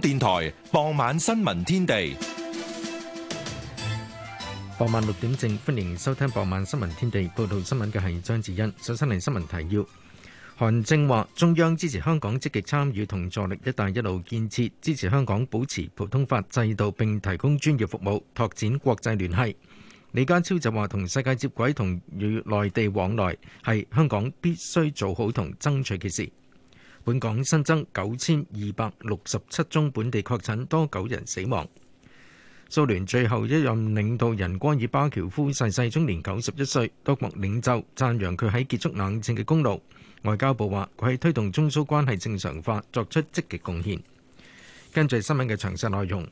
電台傍晚新聞天地，傍晚六點正，歡迎收聽傍晚新聞天地。報道新聞嘅係張智恩。首先嚟新聞提要。韓正話，中央支持香港積極參與同助力“一帶一路”建設，支持香港保持普通法制度，並提供專業服務，拓展國際聯繫。李家超就話，同世界接軌同與內地往來，係香港必須做好同爭取嘅事。本港新增九千二百六十七宗本地確診，多九人死亡。蘇聯最後一任領導人戈爾巴喬夫逝世，終年九十一歲。多國領袖讚揚佢喺結束冷戰嘅功勞。外交部話佢喺推動中蘇關係正常化作出積極貢獻。跟住新聞嘅詳細內容。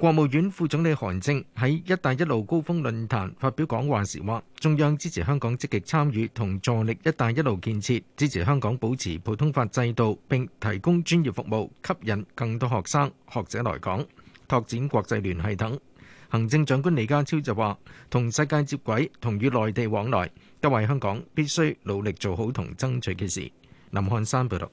國務院副總理韓正喺一帶一路高峰論壇發表講話時話：中央支持香港積極參與同助力一帶一路建設，支持香港保持普通法制度並提供專業服務，吸引更多學生、學者來港，拓展國際聯繫等。行政長官李家超就話：同世界接軌，同與內地往來，都係香港必須努力做好同爭取嘅事。林漢山報道。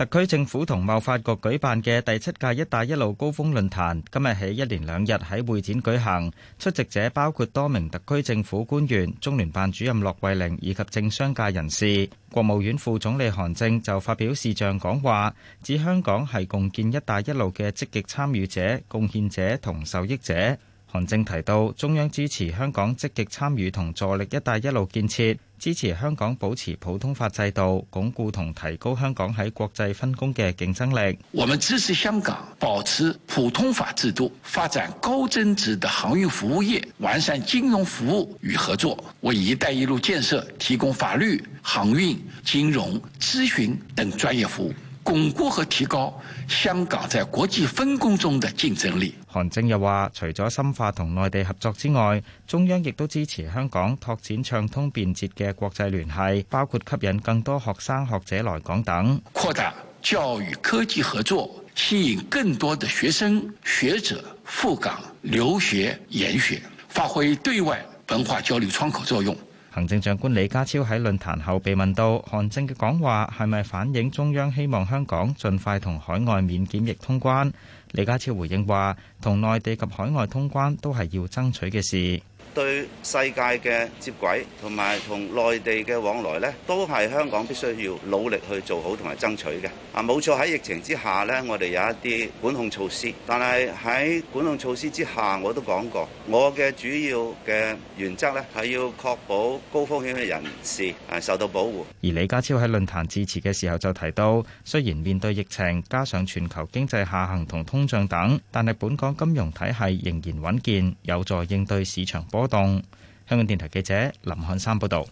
特區政府同貿發局舉辦嘅第七屆“一帶一路”高峰論壇，今日起一連兩日喺會展舉行。出席者包括多名特區政府官員、中聯辦主任駱惠寧以及政商界人士。國務院副總理韓正就發表視像講話，指香港係共建“一帶一路”嘅積極參與者、貢獻者同受益者。韓正提到，中央支持香港積極參與同助力“一帶一路”建設，支持香港保持普通法制度，鞏固同提高香港喺國際分工嘅競爭力。我們支持香港保持普通法制度，發展高增值的航運服務業，完善金融服務與合作，為“一帶一路”建設提供法律、航運、金融、諮詢等專業服務。鞏固和提高香港在國際分工中的競爭力。韓正又話，除咗深化同內地合作之外，中央亦都支持香港拓展暢通便捷嘅國際聯繫，包括吸引更多學生學者來港等。擴大教育科技合作，吸引更多的學生學者赴港留學研學，發揮對外文化交流窗口作用。行政長官李家超喺論壇後被問到，韓正嘅講話係咪反映中央希望香港盡快同海外免檢疫通關？李家超回應話：同內地及海外通關都係要爭取嘅事。對世界嘅接軌同埋同內地嘅往來呢，都係香港必須要努力去做好同埋爭取嘅。啊，冇錯喺疫情之下呢，我哋有一啲管控措施，但係喺管控措施之下，我都講過，我嘅主要嘅原則呢係要確保高風險嘅人士係受到保護。而李家超喺論壇致辭嘅時候就提到，雖然面對疫情，加上全球經濟下行同通脹等，但係本港金融體系仍然穩健，有助應對市場波波動。香港電台記者林漢山報道，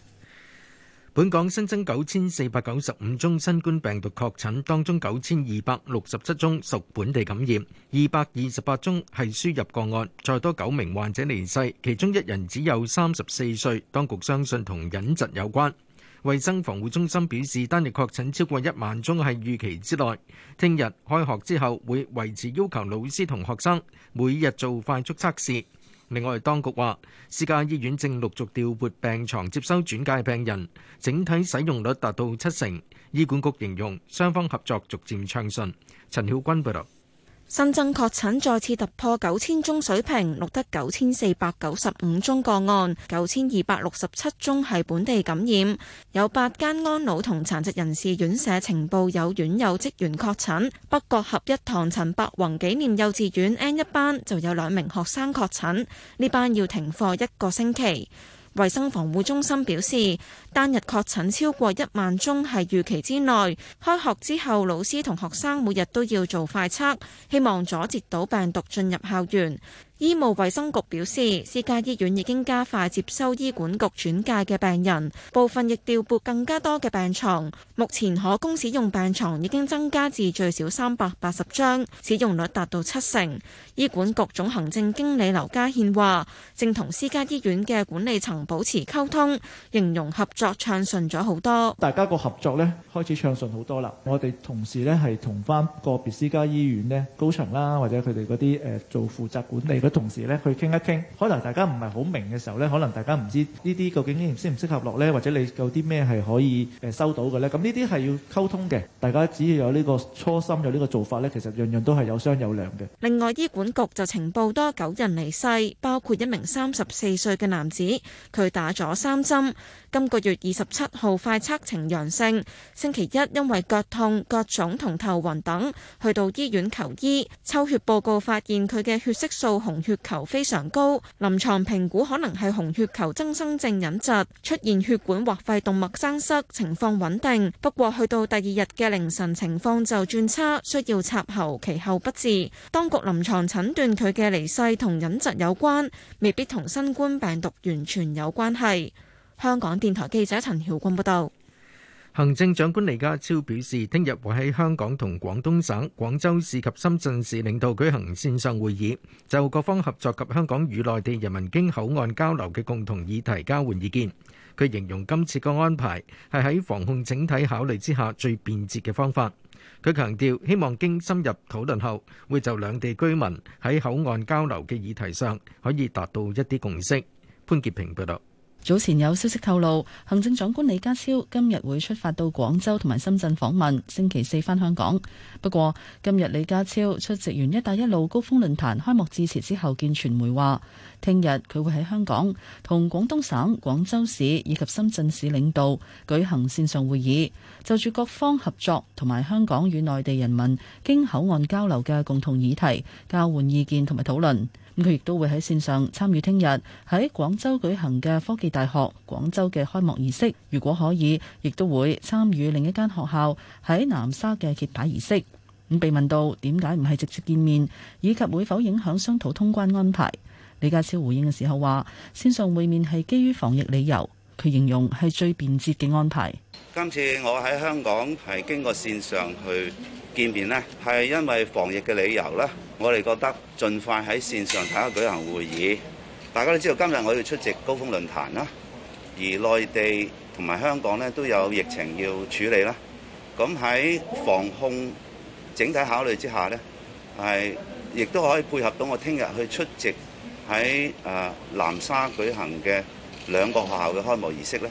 本港新增九千四百九十五宗新冠病毒確診，當中九千二百六十七宗屬本地感染，二百二十八宗係輸入個案。再多九名患者離世，其中一人只有三十四歲，當局相信同隱疾有關。衛生防護中心表示，單日確診超過一萬宗係預期之內。聽日開學之後會維持要求老師同學生每日做快速測試。另外，當局話私家醫院正陸續調撥病床接收轉介病人，整體使用率達到七成。醫管局形容雙方合作逐漸暢順。陳曉君報道。新增確診再次突破九千宗水平，錄得九千四百九十五宗個案，九千二百六十七宗係本地感染。有八間安老同殘疾人士院舍呈報有院友職員確診，北角合一堂陳伯宏紀念幼稚園 N 一班就有兩名學生確診，呢班要停課一個星期。衛生防護中心表示，單日確診超過一萬宗係預期之內。開學之後，老師同學生每日都要做快測，希望阻截到病毒進入校園。醫務衛生局表示，私家醫院已經加快接收醫管局轉介嘅病人，部分亦調撥更加多嘅病床。目前可供使用病床已經增加至最少三百八十張，使用率達到七成。醫管局總行政經理劉家憲話，正同私家醫院嘅管理層保持溝通，形容合作暢順咗好多。大家個合作咧開始暢順好多啦。我哋同時咧係同翻個別私家醫院咧高層啦，或者佢哋嗰啲誒做負責管理同時咧，去傾一傾，可能大家唔係好明嘅時候咧，可能大家唔知呢啲究竟適唔適合落咧，或者你有啲咩係可以誒收到嘅咧？咁呢啲係要溝通嘅。大家只要有呢個初心，有呢個做法咧，其實樣樣都係有商有量嘅。另外，醫管局就情報多九人離世，包括一名三十四歲嘅男子，佢打咗三針，今個月二十七號快測呈陽性，星期一因為腳痛、腳腫同頭暈等，去到醫院求醫，抽血報告發現佢嘅血色素紅血球非常高，臨床評估可能係紅血球增生症隱疾，出現血管或肺動脈增塞，情況穩定。不過去到第二日嘅凌晨，情況就轉差，需要插喉，其後不治。當局臨床診斷佢嘅離世同隱疾有關，未必同新冠病毒完全有關係。香港電台記者陳曉君報道。行政長官李家超表示，聽日會喺香港同廣東省、廣州市及深圳市領導舉行線上會議，就各方合作及香港與內地人民經口岸交流嘅共同議題交換意見。佢形容今次個安排係喺防控整體考慮之下最便捷嘅方法。佢強調，希望經深入討論後，會就兩地居民喺口岸交流嘅議題上可以達到一啲共識。潘潔平報道。早前有消息透露，行政長官李家超今日會出發到廣州同埋深圳訪問，星期四返香港。不過今日李家超出席完“一帶一路”高峰論壇開幕致辭之後，見傳媒話，聽日佢會喺香港同廣東省、廣州市以及深圳市領導舉行線上會議，就住各方合作同埋香港與內地人民經口岸交流嘅共同議題交換意見同埋討論。佢亦都會喺線上參與聽日喺廣州舉行嘅科技大學廣州嘅開幕儀式，如果可以，亦都會參與另一間學校喺南沙嘅揭牌儀式。咁被問到點解唔係直接見面，以及會否影響商討通關安排，李家超回應嘅時候話：線上會面係基於防疫理由。佢形容係最便捷嘅安排。今次我喺香港係經過線上去見面呢，係因為防疫嘅理由啦。我哋覺得盡快喺線上睇下舉行會議。大家都知道今日我要出席高峰論壇啦，而內地同埋香港呢都有疫情要處理啦。咁喺防控整體考慮之下呢，係亦都可以配合到我聽日去出席喺誒南沙舉行嘅兩個學校嘅開幕儀式呢，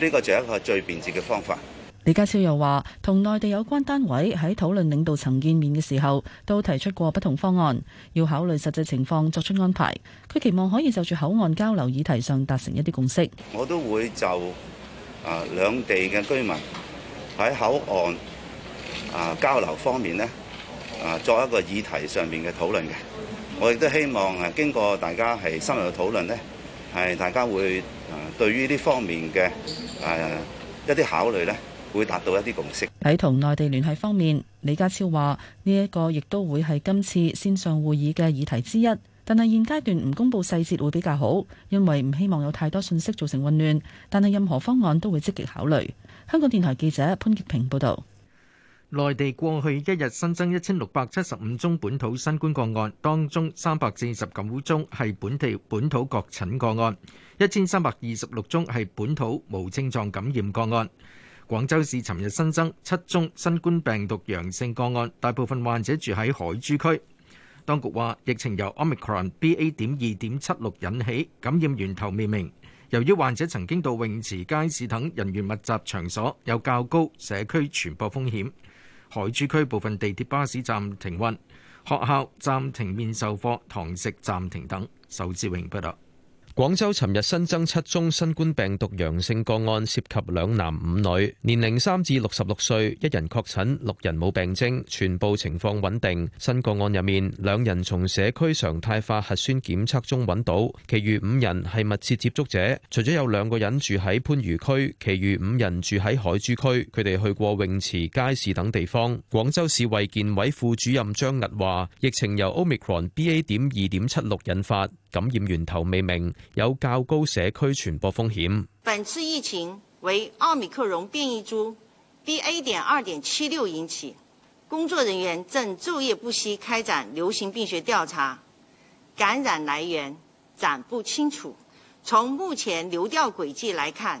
呢個就係一個最便捷嘅方法。李家超又話，同內地有關單位喺討論領導層見面嘅時候，都提出過不同方案，要考慮實際情況作出安排。佢期望可以就住口岸交流議題上達成一啲共識。我都會就啊兩地嘅居民喺口岸啊交流方面呢，啊作一個議題上面嘅討論嘅。我亦都希望誒經過大家係深入嘅討論呢。係，大家會誒對於呢方面嘅誒一啲考慮咧，會達到一啲共識。喺同內地聯繫方面，李家超話：呢、這、一個亦都會係今次線上會議嘅議題之一，但係現階段唔公布細節會比較好，因為唔希望有太多信息造成混亂。但係任何方案都會積極考慮。香港電台記者潘潔平報道。內地過去一日新增一千六百七十五宗本土新冠個案，當中三百四十九宗係本地本土確診個案，一千三百二十六宗係本土無症狀感染個案。廣州市尋日新增七宗新冠病毒陽性個案，大部分患者住喺海珠區。當局話疫情由 omicron BA. 點二點七六引起，感染源頭未明。由於患者曾經到泳池、街市等人員密集場所，有較高社區傳播風險。海珠區部分地鐵巴士站停運，學校暫停面授課，堂食暫停等。仇志榮報道。廣州尋日新增七宗新冠病毒陽性個案，涉及兩男五女，年齡三至六十六歲，一人確診，六人冇病徵，全部情況穩定。新個案入面，兩人從社區常態化核酸檢測中揾到，其餘五人係密切接觸者。除咗有兩個人住喺番禺區，其餘五人住喺海珠區，佢哋去過泳池、街市等地方。廣州市衛健委副主任張屹話：疫情由 Omicron BA. 點二點七六引發。感染源頭未明，有較高社區傳播風險。本次疫情為奧密克戎變異株 BA.2.76 引起，工作人員正晝夜不息開展流行病學調查，感染來源暫不清楚。從目前流調軌跡來看，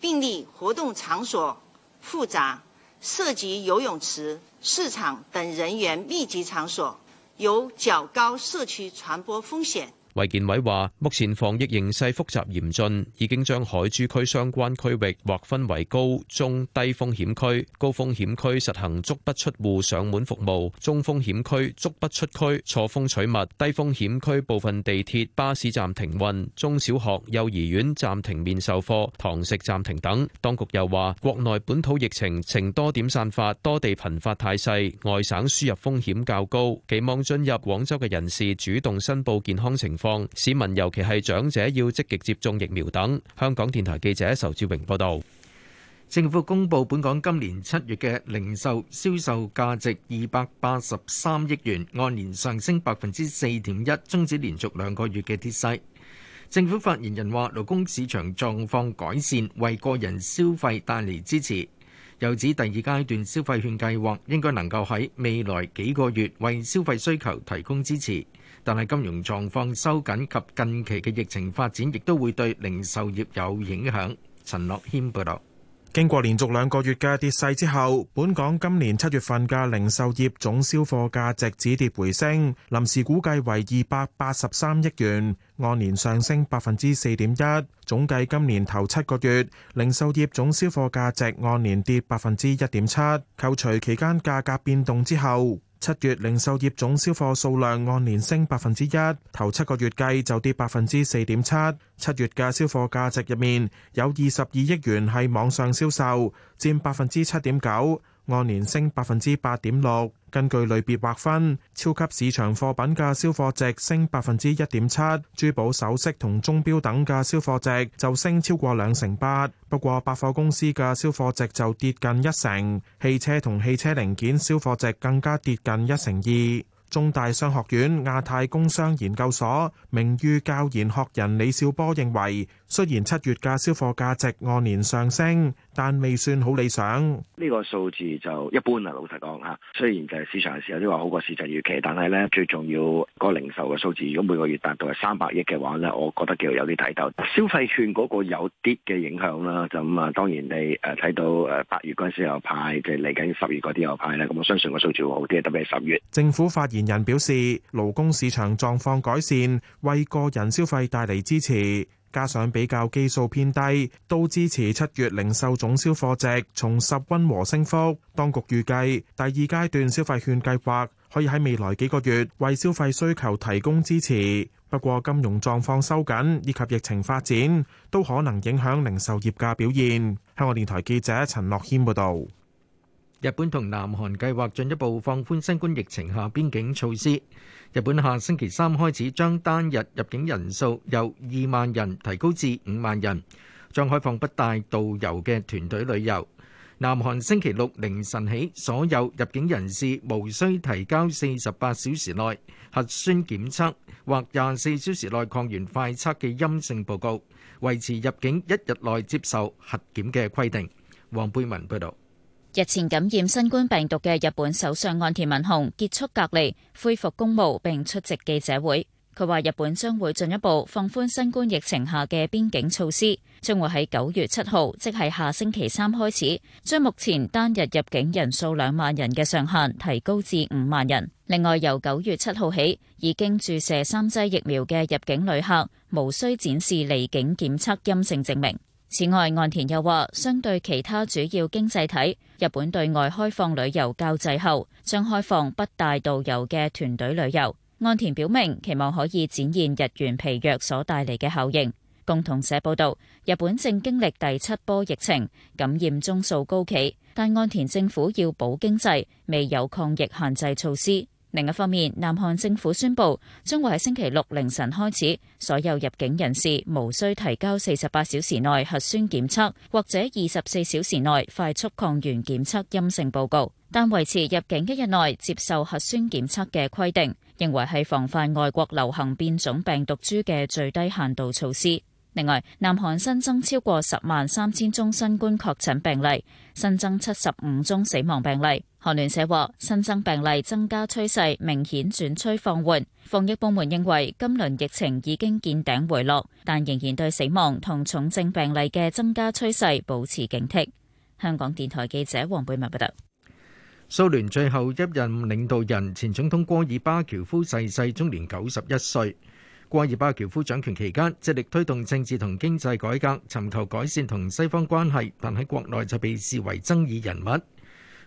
病例活動場所複雜，涉及游泳池、市場等人員密集場所，有較高社區傳播風險。衛健委話，目前防疫形勢複雜嚴峻，已經將海珠區相關區域劃分為高中低風險區。高風險區實行足不出戶上門服務，中風險區足不出區錯峰取物，低風險區部分地鐵、巴士站停運，中小學、幼兒園暫停面授課、堂食暫停等。當局又話，國內本土疫情呈多點散發、多地頻發態勢，外省輸入風險較高，期望進入廣州嘅人士主動申報健康情況。市民尤其係長者要積極接種疫苗等。香港電台記者仇志榮報導。政府公布本港今年七月嘅零售銷售價值二百八十三億元，按年上升百分之四點一，終止連續兩個月嘅跌勢。政府發言人話：勞工市場狀況改善，為個人消費帶嚟支持。又指第二階段消費券計劃應該能夠喺未來幾個月為消費需求提供支持。但係金融狀況收緊及近期嘅疫情發展，亦都會對零售業有影響。陳樂軒報導。經過連續兩個月嘅跌勢之後，本港今年七月份嘅零售業總銷貨價值止跌回升，臨時估計為二百八十三億元，按年上升百分之四點一。總計今年頭七個月，零售業總銷貨價值按年跌百分之一點七，扣除期間價格變動之後。七月零售業總銷貨數量按年升百分之一，頭七個月計就跌百分之四點七。七月嘅銷貨價值入面，有二十二億元係網上銷售，占百分之七點九。按年升百分之八點六，根據類別劃分，超級市場貨品嘅銷貨值升百分之一點七，珠寶首飾同鐘表等嘅銷貨值就升超過兩成八，不過百貨公司嘅銷貨值就跌近一成，汽車同汽車零件銷貨值更加跌近一成二。中大商學院亞太工商研究所名譽教研學人李兆波認為，雖然七月嘅銷貨價值按年上升。但未算好理想，呢個數字就一般啊！老實講嚇，雖然就係市場嘅時候都話好過市場預期，但係咧最重要個零售嘅數字，如果每個月達到係三百億嘅話咧，我覺得叫有啲睇頭。消費券嗰個有啲嘅影響啦，咁啊當然你誒睇到誒八月嗰陣時有派即係嚟緊十月嗰啲有派咧，咁我相信個數字會好啲，特別係十月。政府發言人表示，勞工市場狀況改善，為個人消費帶嚟支持。加上比較基數偏低，都支持七月零售總銷貨值重拾溫和升幅。當局預計第二階段消費券計劃可以喺未來幾個月為消費需求提供支持。不過金融狀況收緊以及疫情發展都可能影響零售業嘅表現，香港電台記者陳樂謙報道。日本同南韓計劃進一步放寬新冠疫情下邊境措施。日本下星期三開始，將單日入境人數由二萬人提高至五萬人，將開放不帶導遊嘅團隊旅遊。南韓星期六凌晨起，所有入境人士無需提交四十八小時內核酸檢測或廿四小時內抗原快測嘅陰性報告，維持入境一日內接受核檢嘅規定。黃貝文報導。日前感染新冠病毒嘅日本首相岸田文雄結束隔離，恢復公務並出席記者會。佢話日本將會進一步放寬新冠疫情下嘅邊境措施，將會喺九月七號，即係下星期三開始，將目前單日入境人數兩萬人嘅上限提高至五萬人。另外，由九月七號起，已經注射三劑疫苗嘅入境旅客，無需展示離境檢測陰性證明。此外，岸田又話相對其他主要經濟體，日本對外開放旅遊較滯後，將開放不帶導遊嘅團隊旅遊，岸田表明期望可以展現日元疲弱所帶嚟嘅效應。共同社報道日本正經歷第七波疫情，感染宗數高企，但岸田政府要保經濟，未有抗疫限制措施。另一方面，南韓政府宣布，將會喺星期六凌晨開始，所有入境人士無需提交四十八小時內核酸檢測或者二十四小時內快速抗原檢測陰性報告，但維持入境一日內接受核酸檢測嘅規定，認為係防範外國流行變種病毒株嘅最低限度措施。另外，南韓新增超過十萬三千宗新冠確診病例，新增七十五宗死亡病例。韓聯社話，新增病例增加趨勢明顯轉趨放緩。防疫部門認為，今輪疫情已經見頂回落，但仍然對死亡同重症病例嘅增加趨勢保持警惕。香港電台記者黃貝文報道。蘇聯最後一任領導人前總統戈爾巴喬夫逝世，終年九十一歲。戈爾巴喬夫掌權期間，致力推動政治同經濟改革，尋求改善同西方關係，但喺國內就被視為爭議人物。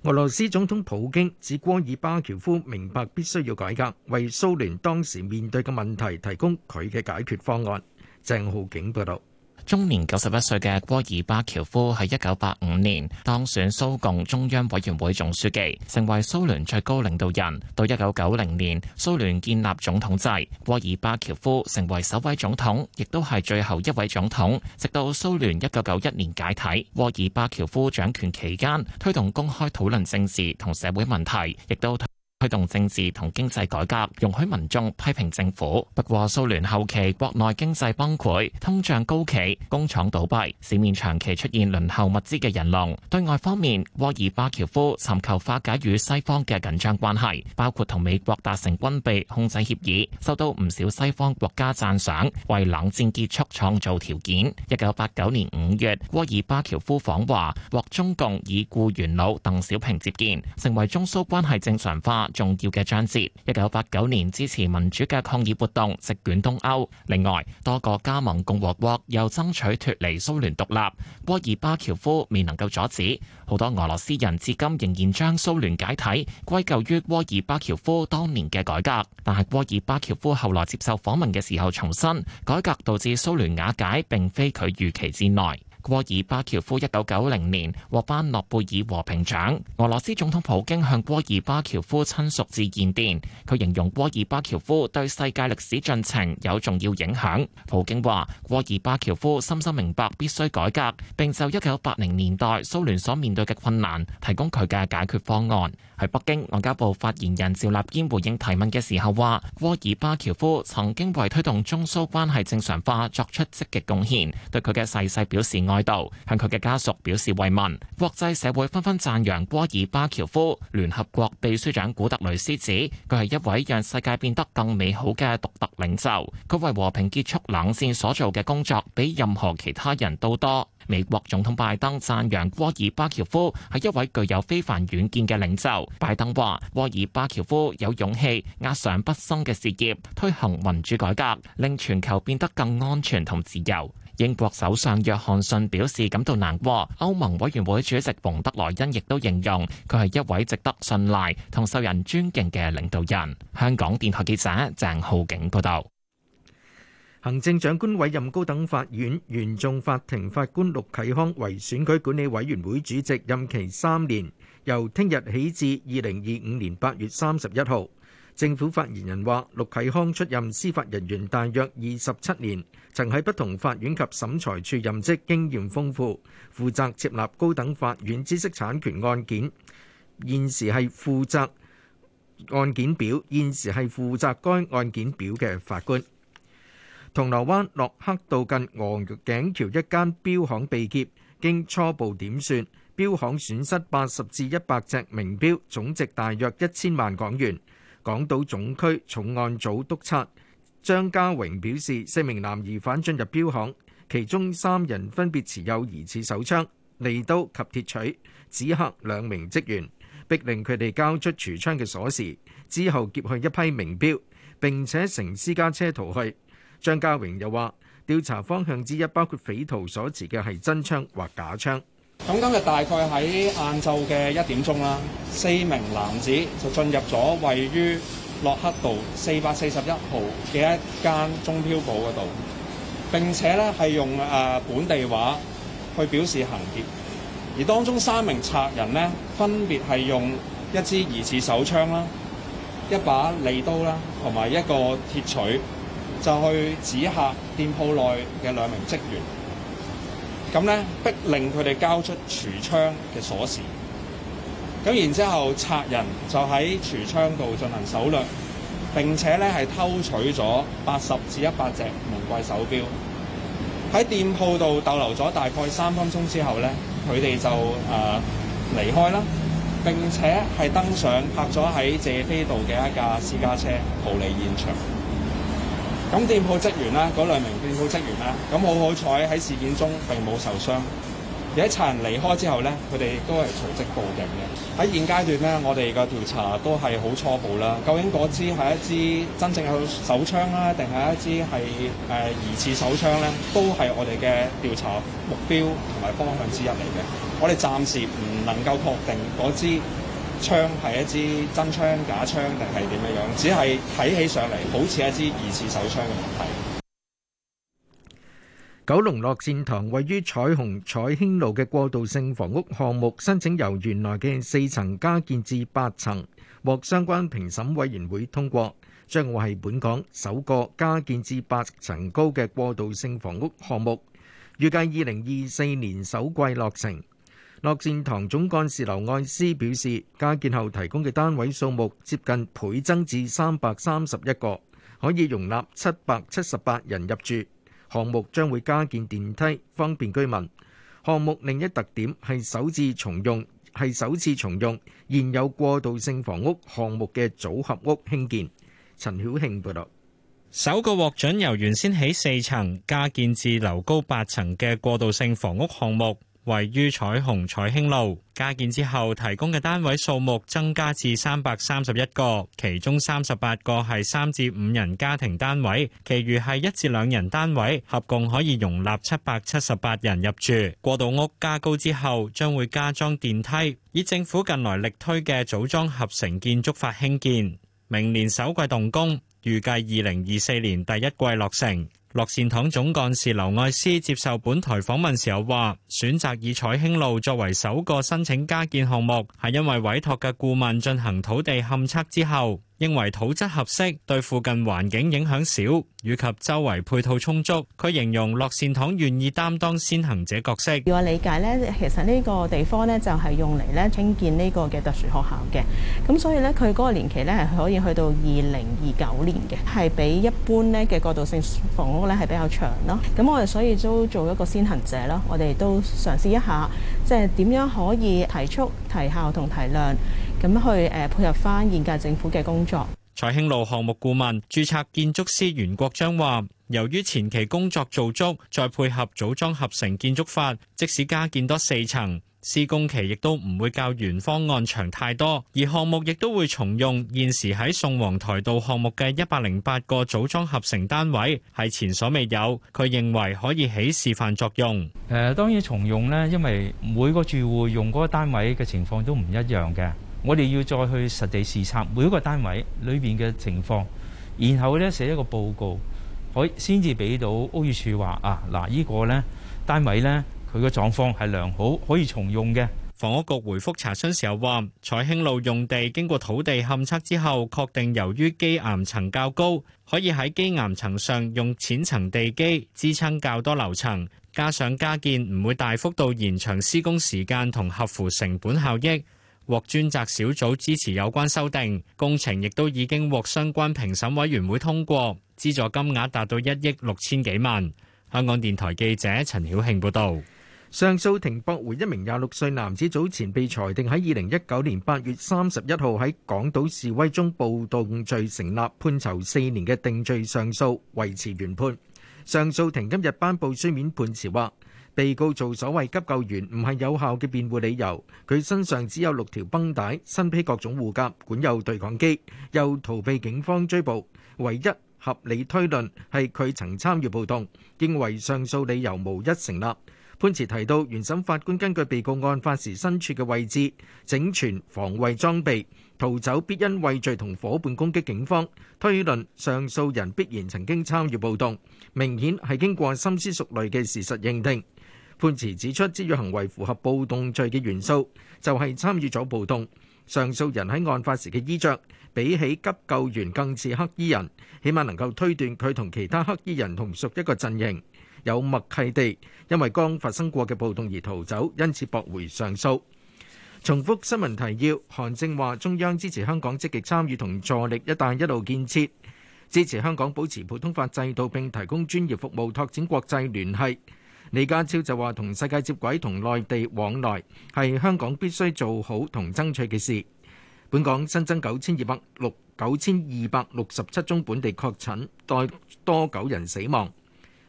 俄羅斯總統普京指戈爾巴喬夫明白必須要改革，為蘇聯當時面對嘅問題提供佢嘅解決方案。鄭浩景報導。中年九十一歲嘅戈爾巴喬夫喺一九八五年當選蘇共中央委員會總書記，成為蘇聯最高領導人。到一九九零年，蘇聯建立總統制，戈爾巴喬夫成為首位總統，亦都係最後一位總統。直到蘇聯一九九一年解體，戈爾巴喬夫掌權期間，推動公開討論政治同社會問題，亦都。推動政治同經濟改革，容許民眾批評政府。不過，蘇聯後期國內經濟崩潰，通脹高企，工廠倒閉，市面長期出現輪候物資嘅人龍。對外方面，戈爾巴喬夫尋求化解與西方嘅緊張關係，包括同美國達成軍備控制協議，受到唔少西方國家讚賞，為冷戰結束創造條件。一九八九年五月，戈爾巴喬夫訪華，獲中共已故元老鄧小平接見，成為中蘇關係正常化。重要嘅章節，一九八九年支持民主嘅抗議活動席捲東歐。另外，多個加盟共和國又爭取脫離蘇聯獨立，戈爾巴喬夫未能夠阻止。好多俄羅斯人至今仍然將蘇聯解體歸咎於戈爾巴喬夫當年嘅改革，但係戈爾巴喬夫後來接受訪問嘅時候重申，改革導致蘇聯瓦解，並非佢預期之內。戈爾巴喬夫一九九零年獲頒諾貝爾和平獎。俄羅斯總統普京向戈爾巴喬夫親屬致唁電，佢形容戈爾巴喬夫對世界歷史進程有重要影響。普京話：戈爾巴喬夫深深明白必須改革，並就一九八零年代蘇聯所面對嘅困難提供佢嘅解決方案。喺北京，外交部發言人趙立堅回應提問嘅時候話：戈爾巴喬夫曾經為推動中蘇關係正常化作出積極貢獻，對佢嘅逝世表示哀。喺度向佢嘅家屬表示慰問，國際社會紛紛讚揚戈爾巴喬夫。聯合國秘書長古特雷斯指佢係一位讓世界變得更美好嘅獨特領袖，佢為和平結束冷戰所做嘅工作比任何其他人都多，多。美國總統拜登讚揚戈爾巴喬夫係一位具有非凡遠見嘅領袖。拜登話：戈爾巴喬夫有勇氣押上畢生嘅事業，推行民主改革，令全球變得更安全同自由。英國首相約翰遜表示感到難過，歐盟委員會主席馮德萊恩亦都形容佢係一位值得信賴同受人尊敬嘅領導人。香港電台記者鄭浩景報道。行政長官委任高等法院原訟法庭法官陸啟康為選舉管理委員會主席，任期三年，由聽日起至二零二五年八月三十一號。政府發言人話：陸啟康出任司法人員大約二十七年，曾喺不同法院及審裁處任職，經驗豐富，負責接納高等法院知識產權案件。現時係負責案件表，現時係負責該案件表嘅法官。銅鑼灣洛克道近鵝頸橋一間標行被劫，經初步點算，標行損失八十至一百隻名錶，總值大約一千萬港元。港島總區重案組督察張家榮表示，四名男疑犯進入錶行，其中三人分別持有疑似手槍、利刀及鐵錘，指嚇兩名職員，逼令佢哋交出櫥窗嘅鎖匙，之後劫去一批名錶，並且乘私家車逃去。張家榮又話，調查方向之一包括匪徒所持嘅係真槍或假槍。咁今日大概喺晏晝嘅一點鐘啦，四名男子就進入咗位於洛克道四百四十一號嘅一間鐘錶鋪嗰度，並且咧係用誒本地話去表示行劫，而當中三名賊人咧分別係用一支疑似手槍啦、一把利刀啦同埋一個鐵錘就去指吓店鋪內嘅兩名職員。咁咧，逼令佢哋交出櫥窗嘅鎖匙。咁然之後，賊人就喺櫥窗度進行搜掠，並且咧係偷取咗八十至一百隻名貴手錶。喺店鋪度逗留咗大概三分鐘之後咧，佢哋就誒離開啦。並且係登上泊咗喺謝斐道嘅一架私家車，逃離現場。咁店鋪職員啦，嗰兩名店鋪職員啦，咁好好彩喺事件中並冇受傷。而喺賊人離開之後咧，佢哋都係隨即報警嘅。喺現階段咧，我哋嘅調查都係好初步啦。究竟嗰支係一支真正嘅手槍咧，定係一支係誒、呃、疑似手槍咧，都係我哋嘅調查目標同埋方向之一嚟嘅。我哋暫時唔能夠確定嗰支。槍係一支真槍假槍定係點樣樣？只係睇起上嚟好似一支疑似手槍嘅問題。九龍樂善堂位於彩虹彩興路嘅過渡性房屋項目，申請由原來嘅四層加建至八層，獲相關評審委員會通過，將會係本港首個加建至八層高嘅過渡性房屋項目，預計二零二四年首季落成。樂善堂總幹事劉愛詩表示，加建後提供嘅單位數目接近倍增至三百三十一個，可以容納七百七十八人入住。項目將會加建電梯，方便居民。項目另一特點係首次重用，係首次重用現有過渡性房屋項目嘅組合屋興建。陳曉慶報道，首個獲准由原先起四層加建至樓高八層嘅過渡性房屋項目。位於彩虹彩興路，加建之後提供嘅單位數目增加至三百三十一個，其中三十八個係三至五人家庭單位，其餘係一至兩人單位，合共可以容納七百七十八人入住。過渡屋加高之後，將會加裝電梯，以政府近來力推嘅組裝合成建築法興建，明年首季動工，預計二零二四年第一季落成。樂善堂總幹事劉愛思接受本台訪問時候話，選擇以彩興路作為首個申請加建項目，係因為委託嘅顧問進行土地勘測之後。認為土質合適，對附近環境影響少，以及周圍配套充足。佢形容樂善堂願意擔當先行者角色。要我理解咧，其實呢個地方咧就係用嚟咧興建呢個嘅特殊學校嘅。咁所以咧，佢嗰個年期咧係可以去到二零二九年嘅，係比一般咧嘅過渡性房屋咧係比較長咯。咁我哋所以都做一個先行者咯，我哋都嘗試一下，即係點樣可以提速、提效同提量。咁去誒配合翻現屆政府嘅工作。彩興路項目顧問、註冊建築師袁國章話，由於前期工作做足，再配合組裝合成建築法，即使加建多四層，施工期亦都唔會較原方案長太多。而項目亦都會重用現時喺宋皇台道項目嘅一百零八個組裝合成單位，係前所未有。佢認為可以起示範作用。誒、呃，當然重用呢，因為每個住戶用嗰個單位嘅情況都唔一樣嘅。我哋要再去實地視察每一個單位裏邊嘅情況，然後咧寫一個報告，可先至俾到屋宇署話啊嗱，呢個呢單位呢佢嘅狀況係良好，可以重用嘅。房屋局回覆查詢時候話，彩興路用地經過土地勘測之後，確定由於基岩層較高，可以喺基岩層上用淺層地基支撐較多樓層，加上加建唔會大幅度延長施工時間同合乎成本效益。獲專責小組支持有關修訂，工程亦都已經獲相關評審委員會通過，資助金額達到一億六千幾萬。香港電台記者陳曉慶報道。上訴庭駁回一名廿六歲男子早前被裁定喺二零一九年八月三十一號喺港島示威中暴動罪成立，判囚四年嘅定罪上訴，維持原判。上訴庭今日頒布書面判詞，話，被告做所謂急救員唔係有效嘅辯護理由。佢身上只有六條繃帶，身披各種護甲，管有對講機，又逃避警方追捕。唯一合理推論係佢曾參與暴動。認為上訴理由無一成立。潘馳提到，原審法官根據被告案發時身處嘅位置、整全防衞裝備、逃走必因畏罪同夥伴攻擊警方，推論上訴人必然曾經參與暴動，明顯係經過深思熟慮嘅事實認定。判詞指出，只有行為符合暴動罪的元素，就是參與了暴動，上訴人在案發時的衣著，比起急救員更似黑衣人，起碼能夠推斷他和其他黑衣人同屬一個陣營，有默契地，因為剛發生過的暴動而逃走，因此駁回上訴。重複新聞提要，韓正話中央支持香港積極參與和助力一帶一路建設，支持香港保持普通法制度並提供專業服務拓展國際聯繫。李家超就話：同世界接軌、同內地往來，係香港必須做好同爭取嘅事。本港新增9266、9267宗本地確診，再多九人死亡。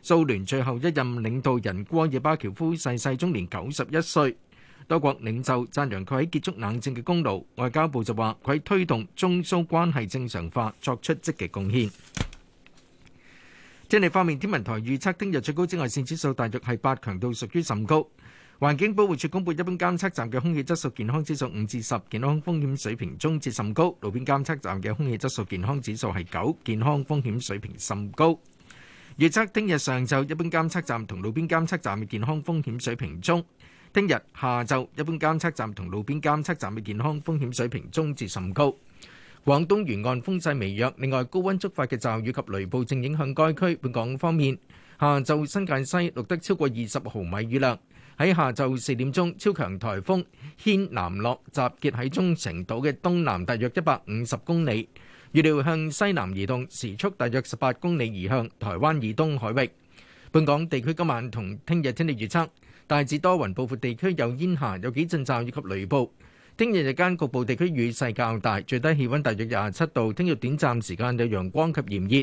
蘇聯最後一任領導人戈爾巴喬夫逝世，終年91歲。多國領袖讚揚佢喺結束冷戰嘅功勞。外交部就話佢推動中蘇關係正常化作出積極貢獻。天氣方面，天文台預測聽日最高紫外線指數大約係八，強度屬於甚高。環境保護署公布一般監測站嘅空氣質素健康指數五至十，健康風險水平中至甚高；路邊監測站嘅空氣質素健康指數係九，健康風險水平甚高。預測聽日上晝一般監測站同路邊監測站嘅健康風險水平中；聽日下晝一般監測站同路邊監測站嘅健康風險水平中至甚高。廣東沿岸風勢微弱，另外高温觸發嘅驟雨及雷暴正影響該區。本港方面，下晝新界西錄得超過二十毫米雨量。喺下晝四點鐘，超強颱風軒嵐諾集結喺沖繩島嘅東南，大約一百五十公里。預料向西南移動，時速大約十八公里，移向台灣以東海域。本港地區今晚同聽日天氣預測，大致多雲，部分地區有煙霞，有幾陣驟雨及雷暴。聽日日間局部地區雨勢較大，最低氣溫大約廿七度。聽日短暫時間有陽光及炎熱，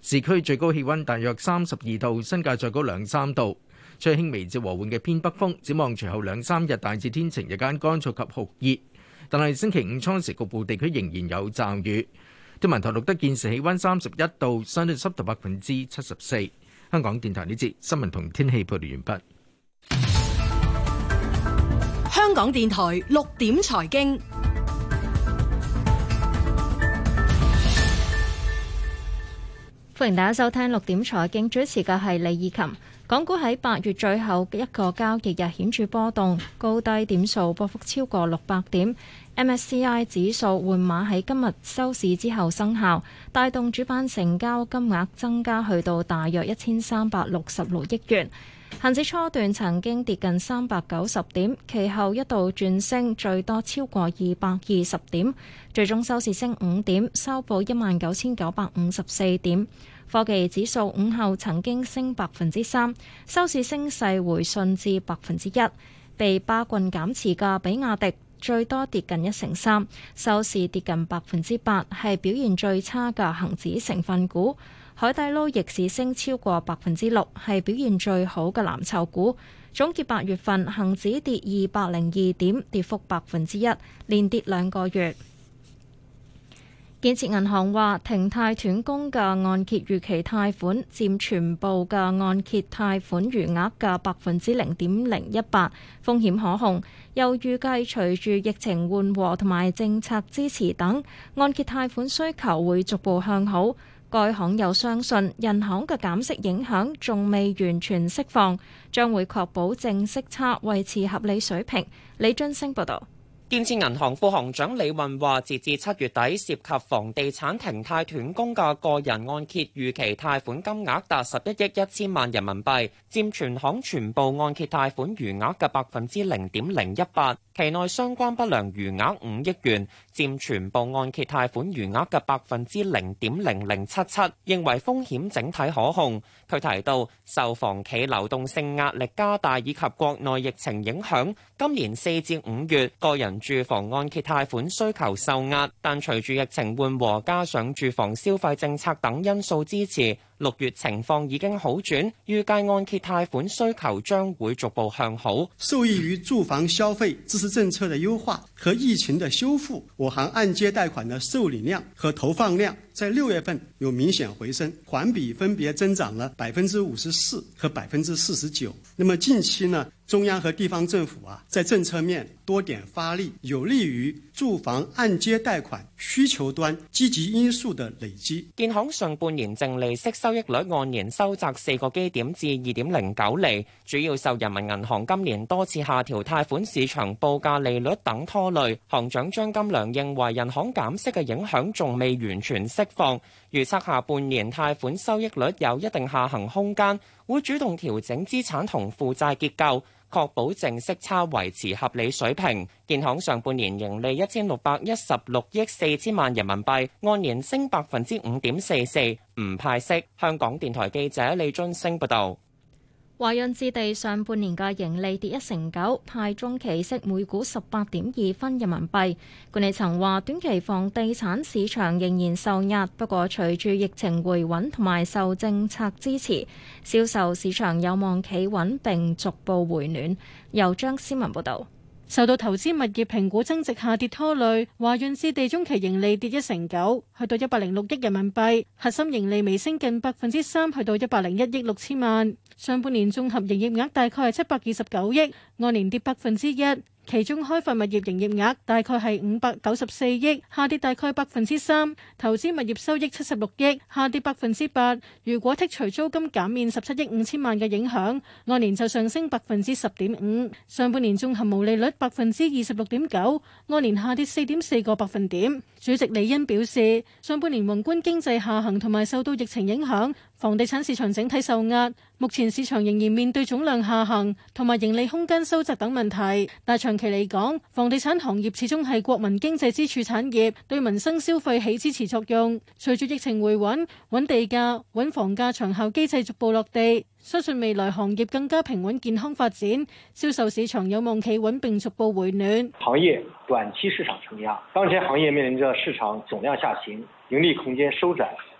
市區最高氣溫大約三十二度，新界再高兩三度。吹輕微至和緩嘅偏北風，展望隨後兩三日大致天晴，日間乾燥及酷熱。但係星期五初時局部地區仍然有驟雨。天文台錄得現時氣溫三十一度，相對濕度百分之七十四。香港電台呢節新聞同天氣報道完畢。香港電台六點財經，歡迎大家收聽六點財經，主持嘅係李以琴。港股喺八月最後一個交易日顯著波動，高低點數波幅超過六百點。MSCI 指數換馬喺今日收市之後生效，帶動主板成交金額增加去到大約一千三百六十六億元。恒指初段曾經跌近三百九十點，其後一度轉升，最多超過二百二十點，最終收市升五點，收報一萬九千九百五十四點。科技指數午後曾經升百分之三，收市升勢回順至百分之一。被巴郡減持嘅比亞迪最多跌近一成三，收市跌近百分之八，係表現最差嘅恒指成分股。海底撈逆市升超過百分之六，係表現最好嘅藍籌股。總結八月份，恒指跌二百零二點，跌幅百分之一，連跌兩個月。建設銀行話，停貸斷供嘅按揭預期貸款佔全部嘅按揭貸款餘額嘅百分之零點零一八，風險可控。又預計隨住疫情緩和同埋政策支持等，按揭貸款需求會逐步向好。該行又相信，人行嘅減息影響仲未完全釋放，將會確保正息差維持合理水平。李津升報道。建設銀行副行長李運話，截至七月底，涉及房地產停貸斷供嘅個人按揭逾期貸款金額達十一億一千萬人民幣，佔全行全部按揭貸款餘額嘅百分之零點零一八。期內相關不良餘額五億元，占全部按揭貸款餘額嘅百分之零點零零七七，認為風險整體可控。佢提到，受房企流動性壓力加大以及國內疫情影響，今年四至五月個人住房按揭貸款需求受壓，但隨住疫情緩和，加上住房消費政策等因素支持。六月情況已經好轉，預計按揭貸款需求將會逐步向好。受益於住房消費支持政策的優化和疫情的修復，我行按揭貸款的受理量和投放量在六月份有明顯回升，環比分別增長了百分之五十四和百分之四十九。那麼近期呢，中央和地方政府啊，在政策面多點發力，有利於住房按揭貸，貸款需求端積極因素的累積。建行上半年淨利息收益率按年收窄四個基點至二點零九厘，主要受人民銀行今年多次下調貸款市場報價利率等拖累。行長張金良認為人行減息嘅影響仲未完全釋放，預測下半年貸款收益率有一定下行空間。會主動調整資產同負債結構，確保淨息差維持合理水平。建行上半年盈利一千六百一十六億四千萬人民幣，按年升百分之五點四四，唔派息。香港電台記者李俊升報導。華潤置地上半年嘅盈利跌一成九，派中期息每股十八點二分人民幣。管理層話，短期房地產市場仍然受壓，不過隨住疫情回穩同埋受政策支持，銷售市場有望企穩並逐步回暖。由張思文報道。受到投資物業評估增值下跌拖累，華潤置地中期盈利跌一成九，去到一百零六億人民幣，核心盈利微升近百分之三，去到一百零一億六千萬。上半年綜合營業額大概係七百二十九億，按年跌百分之一。其中開發物業營業額大概係五百九十四億，下跌大概百分之三；投資物業收益七十六億，下跌百分之八。如果剔除租金減免十七億五千萬嘅影響，按年就上升百分之十點五。上半年綜合毛利率百分之二十六點九，按年下跌四點四個百分點。主席李欣表示，上半年宏觀經濟下行同埋受到疫情影響。房地產市場整體受壓，目前市場仍然面對總量下行同埋盈利空間收窄等問題。但長期嚟講，房地產行業始終係國民經濟支柱產業，對民生消費起支持作用。隨住疫情回穩，穩地價、穩房價長效機制逐步落地，相信未來行業更加平穩健康發展，銷售市場有望企穩並逐步回暖。行業短期市場承壓，當前行業面臨着市場總量下行、盈利空間收窄，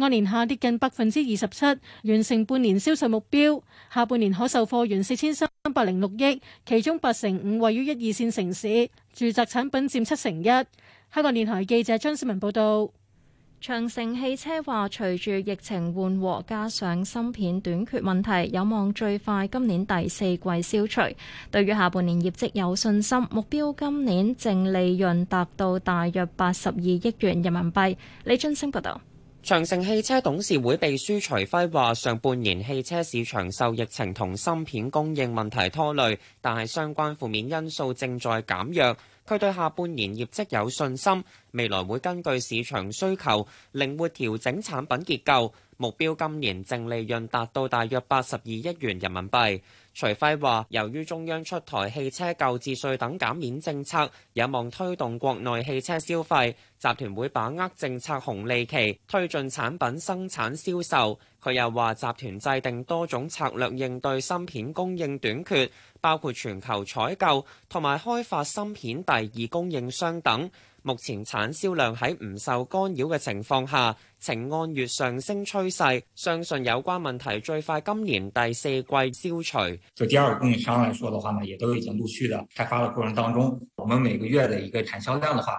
按年下跌近百分之二十七，完成半年銷售目標。下半年可售貨源四千三百零六億，其中八成五位於一二線城市，住宅產品佔七成一。香港電台記者張思文報道。長城汽車話，隨住疫情緩和，加上芯片短缺問題，有望最快今年第四季消除。對於下半年業績有信心，目標今年淨利潤達到大約八十二億元人民幣，李津星報道。長城汽車董事會秘書徐輝話，上半年汽車市場受疫情同芯片供應問題拖累，但係相關負面因素正在減弱。佢對下半年業績有信心，未來會根據市場需求靈活調整產品結構，目標今年淨利潤達到大約八十二億元人民幣。徐輝話，由於中央出台汽車購置稅等減免政策，有望推動國內汽車消費。集團會把握政策紅利期，推進產品生產銷售。佢又話，集團制定多種策略應對芯片供應短缺。包括全球採購同埋開發芯片第二供應商等，目前產銷量喺唔受干擾嘅情況下，呈按月上升趨勢。相信有關問題最快今年第四季消除。就第二個供應商來說的話呢，也都已經陸續的開發嘅過程當中，我們每個月嘅一個產銷量的話。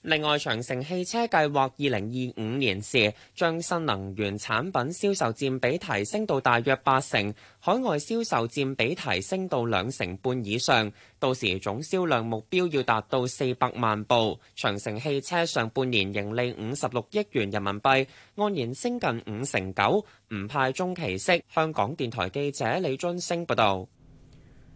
另外，長城汽車計劃二零二五年時，將新能源產品銷售佔比提升到大約八成，海外銷售佔比提升到兩成半以上。到時總銷量目標要達到四百萬部。長城汽車上半年盈利五十六億元人民幣，按年升近五成九，唔派中期息。香港電台記者李津升報道。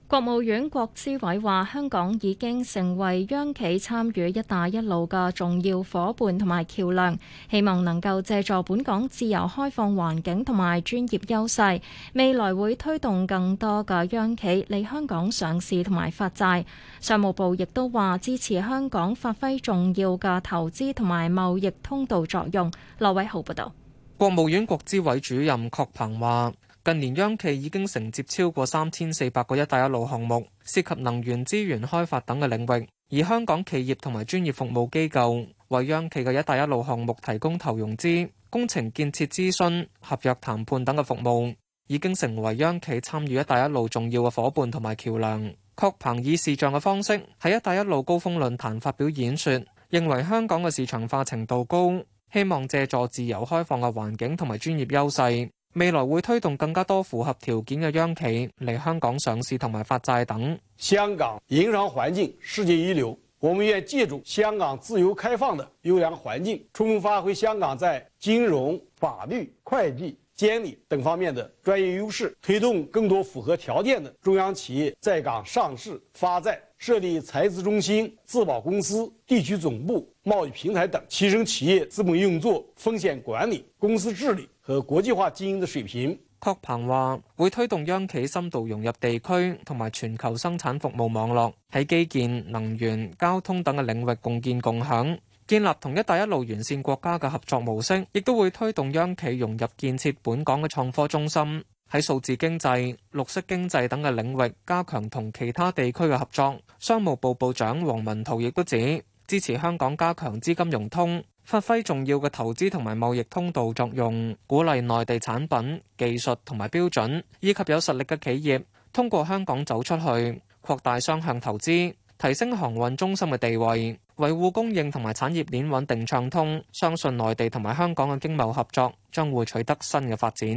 國務院國資委話：香港已經成為央企參與「一帶一路」嘅重要伙伴同埋橋梁，希望能夠借助本港自由開放環境同埋專業優勢，未來會推動更多嘅央企嚟香港上市同埋發債。商務部亦都話支持香港發揮重要嘅投資同埋貿易通道作用。劉偉豪報導。國務院國資委主任郝鵬話。近年，央企已經承接超過三千四百個“一帶一路”項目，涉及能源、資源開發等嘅領域。而香港企業同埋專業服務機構為央企嘅“一帶一路”項目提供投融資、工程建設諮詢、合約談判等嘅服務，已經成為央企參與“一帶一路”重要嘅伙伴同埋橋梁。郝鵬以視像嘅方式喺“一帶一路”高峰論壇發表演說，認為香港嘅市場化程度高，希望借助自由開放嘅環境同埋專業優勢。未來會推動更加多符合條件嘅央企嚟香港上市同埋發債等。香港營商環境，世界一流，我們願借助香港自由開放的優良環境，充分發揮香港在金融、法律、會計、監理等方面的專業優勢，推動更多符合條件的中央企業在港上市、發債、設立財資中心、自保公司、地區總部、貿易平台等，提升企業資本運作、風險管理、公司治理。和國際化經營嘅水平。郭鵬話會推動央企深度融入地區同埋全球生產服務網絡，喺基建、能源、交通等嘅領域共建共享，建立同一帶一路沿線國家嘅合作模式，亦都會推動央企融入建設本港嘅創科中心，喺數字經濟、綠色經濟等嘅領域加強同其他地區嘅合作。商務部部長王文濤亦都指，支持香港加強資金融通。發揮重要嘅投資同埋貿易通道作用，鼓勵內地產品、技術同埋標準，以及有實力嘅企業通過香港走出去，擴大雙向投資，提升航運中心嘅地位，維護供應同埋產業鏈穩定暢通。相信內地同埋香港嘅經貿合作將會取得新嘅發展。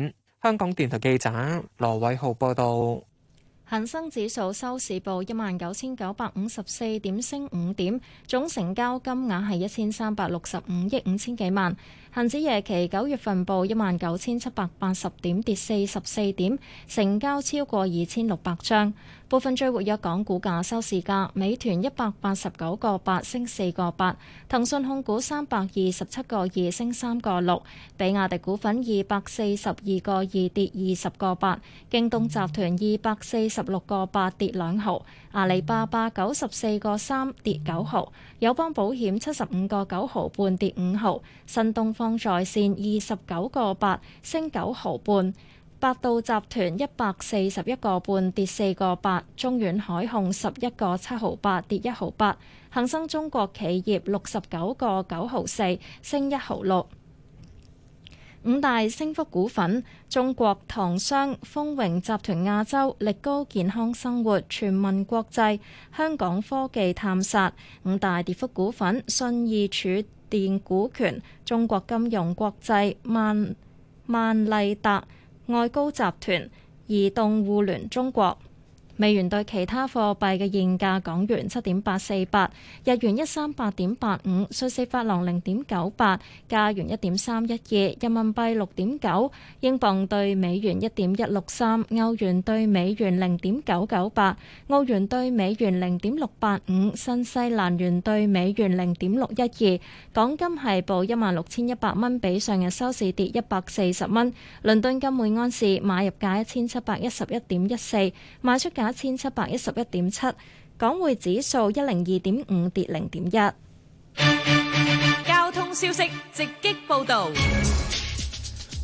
香港電台記者羅偉浩報道。恒生指數收市報一萬九千九百五十四點，升五點，總成交金額係一千三百六十五億五千幾萬。恒指夜期九月份報一萬九千七百八十點，跌四十四點，成交超過二千六百張。部分最活躍港股價收市價：美團一百八十九個八升四個八，騰訊控股三百二十七個二升三個六，比亞迪股份二百四十二個二跌二十個八，京東集團二百四十六個八跌兩毫。阿里巴巴九十四個三跌九毫，友邦保險七十五個九毫半跌五毫，新東方在線二十九個八升九毫半，百度集團一百四十一個半跌四個八，中遠海控十一個七毫八跌一毫八，恒生中國企業六十九個九毫四升一毫六。五大升幅股份：中國唐商、豐榮集團、亞洲力高、健康生活、全民國際、香港科技探索；五大跌幅股份：信義儲電股權、中國金融國際、萬萬麗達、愛高集團、移動互聯中國。美元對其他貨幣嘅現價：港元七點八四八，日元一三八點八五，瑞士法郎零點九八，加元一點三一二，人民幣六點九，英鎊對美元一點一六三，歐元對美元零點九九八，澳元對美元零點六八五，新西蘭元對美元零點六一二。港金係報一萬六千一百蚊，比上日收市跌一百四十蚊。倫敦金每安士買入價一千七百一十一點一四，賣出價。一千七百一十一點七，7，港匯指數一零二點五，跌零點一。交通消息，直擊報道。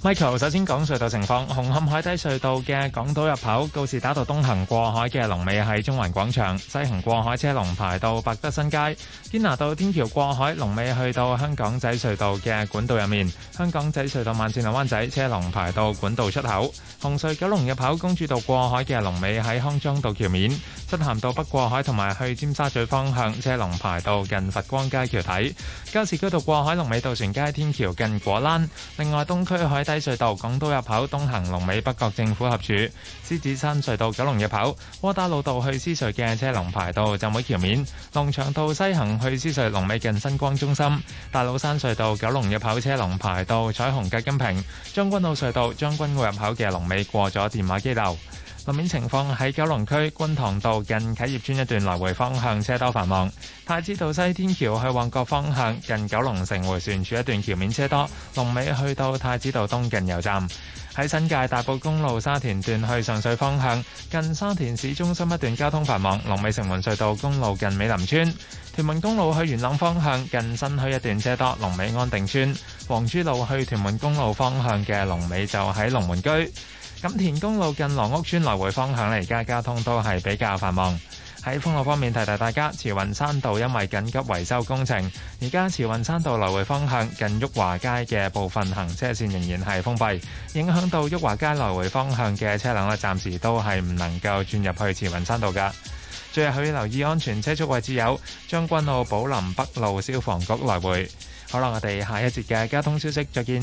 Michael 首先講隧道情況。紅磡海底隧道嘅港島入口告士打道東行過海嘅龍尾喺中環廣場；西行過海車龍排到百德新街。堅拿道天橋過海龍尾去到香港仔隧道嘅管道入面。香港仔隧道萬眾龍，灣仔車龍排到管道出口。紅隧九龍入口公主道過海嘅龍尾喺康莊道橋面。漆咸道北過海同埋去尖沙咀方向車龍排到近佛光街橋底。加士居道過海龍尾，渡船街天橋近果欄。另外東區海底。西隧道港島入口東行龍尾北角政府合署；獅子山隧道九龍入口窩打老道去獅隧嘅車龍排到浸會橋面；龍翔道西行去獅隧龍尾近新光中心；大老山隧道九龍入口車龍排到彩虹及金屏；將軍澳隧道將軍澳入口嘅龍尾過咗電話機樓。路面情況喺九龍區觀塘道近啟業邨一段來回方向車多繁忙，太子道西天橋去旺角方向近九龍城迴旋處一段橋面車多，龍尾去到太子道東近油站；喺新界大埔公路沙田段去上水方向近沙田市中心一段交通繁忙，龍尾城門隧道公路近美林村，屯門公路去元朗方向近新墟一段車多，龍尾安定村，黃珠路去屯門公路方向嘅龍尾就喺龍門居。錦田公路近羅屋村來回方向呢，而家交通都係比較繁忙。喺封路方面，提提大家，慈雲山道因為緊急維修工程，而家慈雲山道來回方向近裕華街嘅部分行車線仍然係封閉，影響到裕華街來回方向嘅車輛咧，暫時都係唔能夠轉入去慈雲山道噶。最後要留意安全車速位置有將軍澳寶林北路消防局來回。好啦，我哋下一節嘅交通消息再見。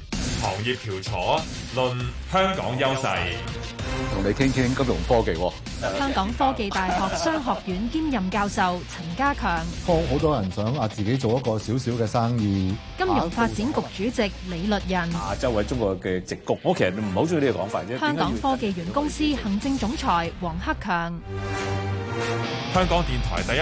行業翹楚論香港優勢，同你傾傾金融科技。香港科技大學商學院兼任教授陳家強，好好多人想啊自己做一個小小嘅生意。金融發展局主席李律仁，啊周偉中國嘅直局，我其實唔好中意呢個講法啫。香港科技園公司行政總裁黃克強，香港電台第一。